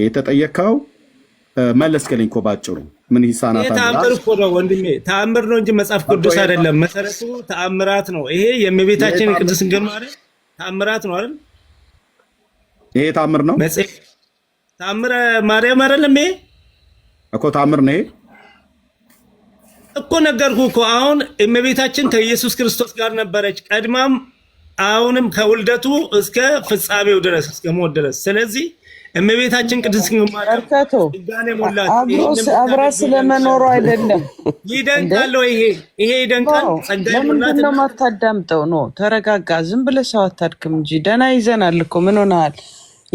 የተጠየቅከው መለስክልኝ እኮ ባጭሩ ምን ይሳናታል? ተአምር እኮ ነው ወንድሜ፣ ተአምር ነው እንጂ መጽሐፍ ቅዱስ አይደለም። መሰረቱ ተአምራት ነው። ይሄ የእመቤታችን ቅድስት ድንግል ማርያም ተአምራት ነው አይደል? ይሄ ተአምር ነው። ተአምረ ማርያም አይደለም። ይሄ እኮ ተአምር ነው። ይሄ እኮ ነገርኩ እኮ አሁን እመቤታችን ከኢየሱስ ክርስቶስ ጋር ነበረች ቀድማም አሁንም ከውልደቱ እስከ ፍጻሜው ድረስ እስከ ሞት ድረስ ስለዚህ እመቤታችን ቅድስት አብራ ስለመኖሩ አይደለም። ይደንቃል ወይ ይሄ ይሄ ይደንቃል። ለምንድን ነው የማታዳምጠው? ነው ተረጋጋ። ዝም ብለህ ሰው አታድክም እንጂ ደህና ይዘናል እኮ ምን ሆነሃል?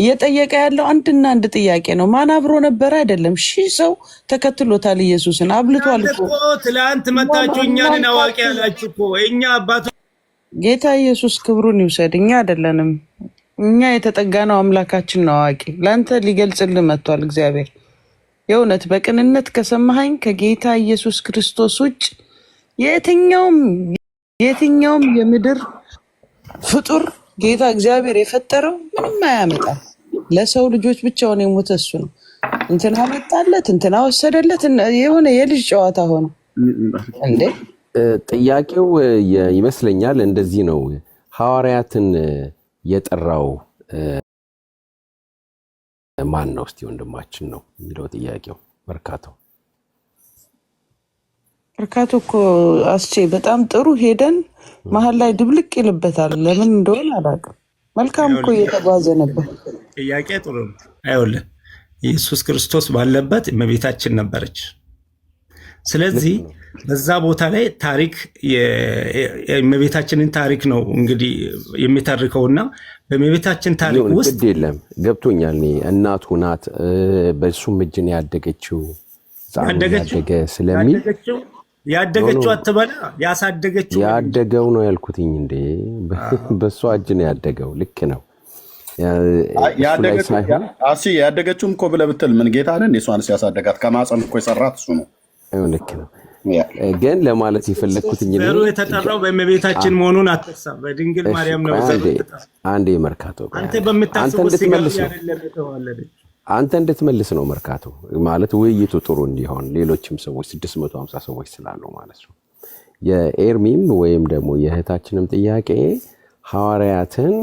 እየጠየቀ ያለው አንድና አንድ ጥያቄ ነው። ማን አብሮ ነበረ? አይደለም ሺህ ሰው ተከትሎታል። ኢየሱስን አብልቷል እኮ ትላንት መታችሁ አዋቂ ያላችሁ እኮ እኛ ጌታ ኢየሱስ ክብሩን ይውሰድ። እኛ አይደለንም እኛ የተጠጋነው አምላካችን ነው አዋቂ። ለአንተ ሊገልጽልህ መጥቷል እግዚአብሔር። የእውነት በቅንነት ከሰማኸኝ ከጌታ ኢየሱስ ክርስቶስ ውጭ የትኛውም የትኛውም የምድር ፍጡር ጌታ እግዚአብሔር የፈጠረው ምንም አያመጣም። ለሰው ልጆች ብቻውን የሞተ እሱ ነው። እንትና መጣለት፣ እንትና ወሰደለት፣ የሆነ የልጅ ጨዋታ ሆነ እንዴ። ጥያቄው ይመስለኛል እንደዚህ ነው ሐዋርያትን የጠራው ማን ነው? እስቲ ወንድማችን ነው የሚለው ጥያቄው። መርካቶ መርካቶ እኮ አስቼ በጣም ጥሩ ሄደን መሀል ላይ ድብልቅ ይልበታል። ለምን እንደሆነ አላውቅም። መልካም እኮ እየተጓዘ ነበር። ጥያቄ ጥሩ ነው። አይወለ ኢየሱስ ክርስቶስ ባለበት እመቤታችን ነበረች። ስለዚህ በዛ ቦታ ላይ ታሪክ የእመቤታችንን ታሪክ ነው እንግዲህ የሚተርከውና በእመቤታችን ታሪክ ውስጥ የለም ገብቶኛል። እናቱ ናት፣ በሱም እጅ ነው ያደገችው ያደገ ስለሚል ያደገችው አትበላ ያሳደገችው ያደገው ነው ያልኩትኝ። እንዴ በእሷ እጅ ነው ያደገው። ልክ ነው። ያደገችውም እኮ ብለህ ብትል ምን ጌታ ነን የሷንስ ያሳደጋት ከማፀን እኮ የሰራት እሱ ነው ልክ ነው። ግን ለማለት የፈለግኩት ሩ የተጠራው በእመቤታችን መሆኑን አትርሳ። በድንግል ማርያም ነው። አንዴ መርካቶ አንተ እንድትመልስ ነው መርካቶ ማለት ውይይቱ ጥሩ እንዲሆን ሌሎችም ሰዎች 650 ሰዎች ስላሉ ማለት ነው። የኤርሚም ወይም ደግሞ የእህታችንም ጥያቄ ሐዋርያትን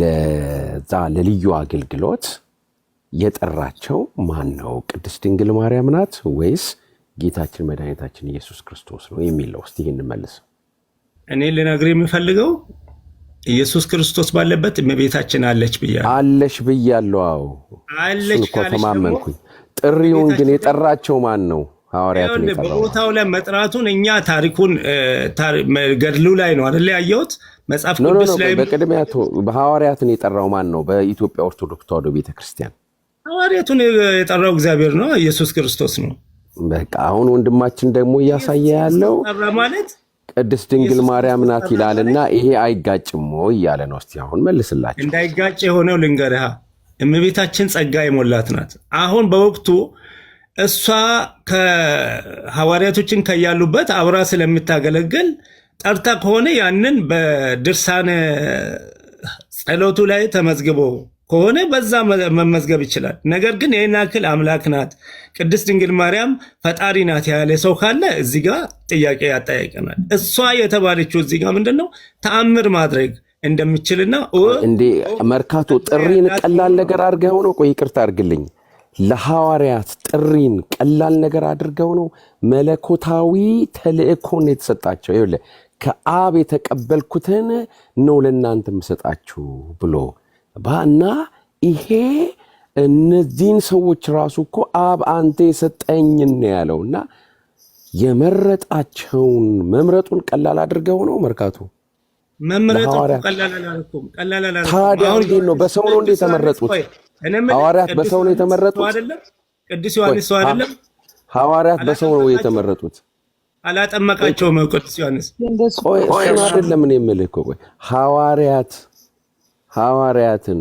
ለዛ ለልዩ አገልግሎት የጠራቸው ማን ነው? ቅድስት ድንግል ማርያም ናት ወይስ ጌታችን መድኃኒታችን ኢየሱስ ክርስቶስ ነው የሚለው። እስቲ ይህን መልስ። እኔ ልነግር የምፈልገው ኢየሱስ ክርስቶስ ባለበት እመቤታችን አለች ብያለሁ። አለሽ ብያለሁ። አዎ አለች እኮ ተማመንኩኝ። ጥሪውን ግን የጠራቸው ማን ነው? ሐዋርያትን የጠራው በቦታው ላይ መጥራቱን እኛ ታሪኩን ገድሉ ላይ ነው አደለ ያየሁት መጽሐፍ ቅዱስ ላይ በቅድሚያ ሐዋርያትን የጠራው ማን ነው? በኢትዮጵያ ኦርቶዶክስ ተዋሕዶ ቤተክርስቲያን ሐዋርያቱን የጠራው እግዚአብሔር ነው፣ ኢየሱስ ክርስቶስ ነው። በቃ አሁን ወንድማችን ደግሞ እያሳየ ያለው ቅድስት ድንግል ማርያም ናት ይላልና ይሄ አይጋጭም እያለ ነው። እስቲ አሁን መልስላቸው። እንዳይጋጭ የሆነው ልንገርሃ እመቤታችን ጸጋ የሞላት ናት። አሁን በወቅቱ እሷ ከሐዋርያቶችን ከያሉበት አብራ ስለምታገለግል ጠርታ ከሆነ ያንን በድርሳነ ጸሎቱ ላይ ተመዝግቦ ከሆነ በዛ መመዝገብ ይችላል። ነገር ግን ይህን ያክል አምላክ ናት ቅድስት ድንግል ማርያም ፈጣሪ ናት ያለ ሰው ካለ እዚህ ጋ ጥያቄ ያጠያቀናል። እሷ የተባለችው እዚህ ጋ ምንድን ነው ተአምር ማድረግ እንደምችልና እንዴ መርካቶ ጥሪን ቀላል ነገር አድርገው ነው። ቆይ ይቅርታ አድርግልኝ። ለሐዋርያት ጥሪን ቀላል ነገር አድርገው ነው መለኮታዊ ተልእኮን የተሰጣቸው። ይኸውልህ ከአብ የተቀበልኩትን ነው ለእናንተ የምሰጣችሁ ብሎ እና ይሄ እነዚህን ሰዎች ራሱ እኮ አብ አንተ የሰጠኝን ያለው እና የመረጣቸውን መምረጡን ቀላል አድርገው ነው መርካቱ ታዲያ እንዴት ነው? በሰው ነው እንዴ የተመረጡት? ሐዋርያት በሰው ነው የተመረጡት? ቅዱስ ዮሐንስ ሰው አይደለም? ሐዋርያት በሰው ነው የተመረጡት? አላጠመቃቸውም ቅዱስ ዮሐንስ። ቆይ እሱን አይደለም እኔ የምልህ እኮ ቆይ ሐዋርያት ሐዋርያትን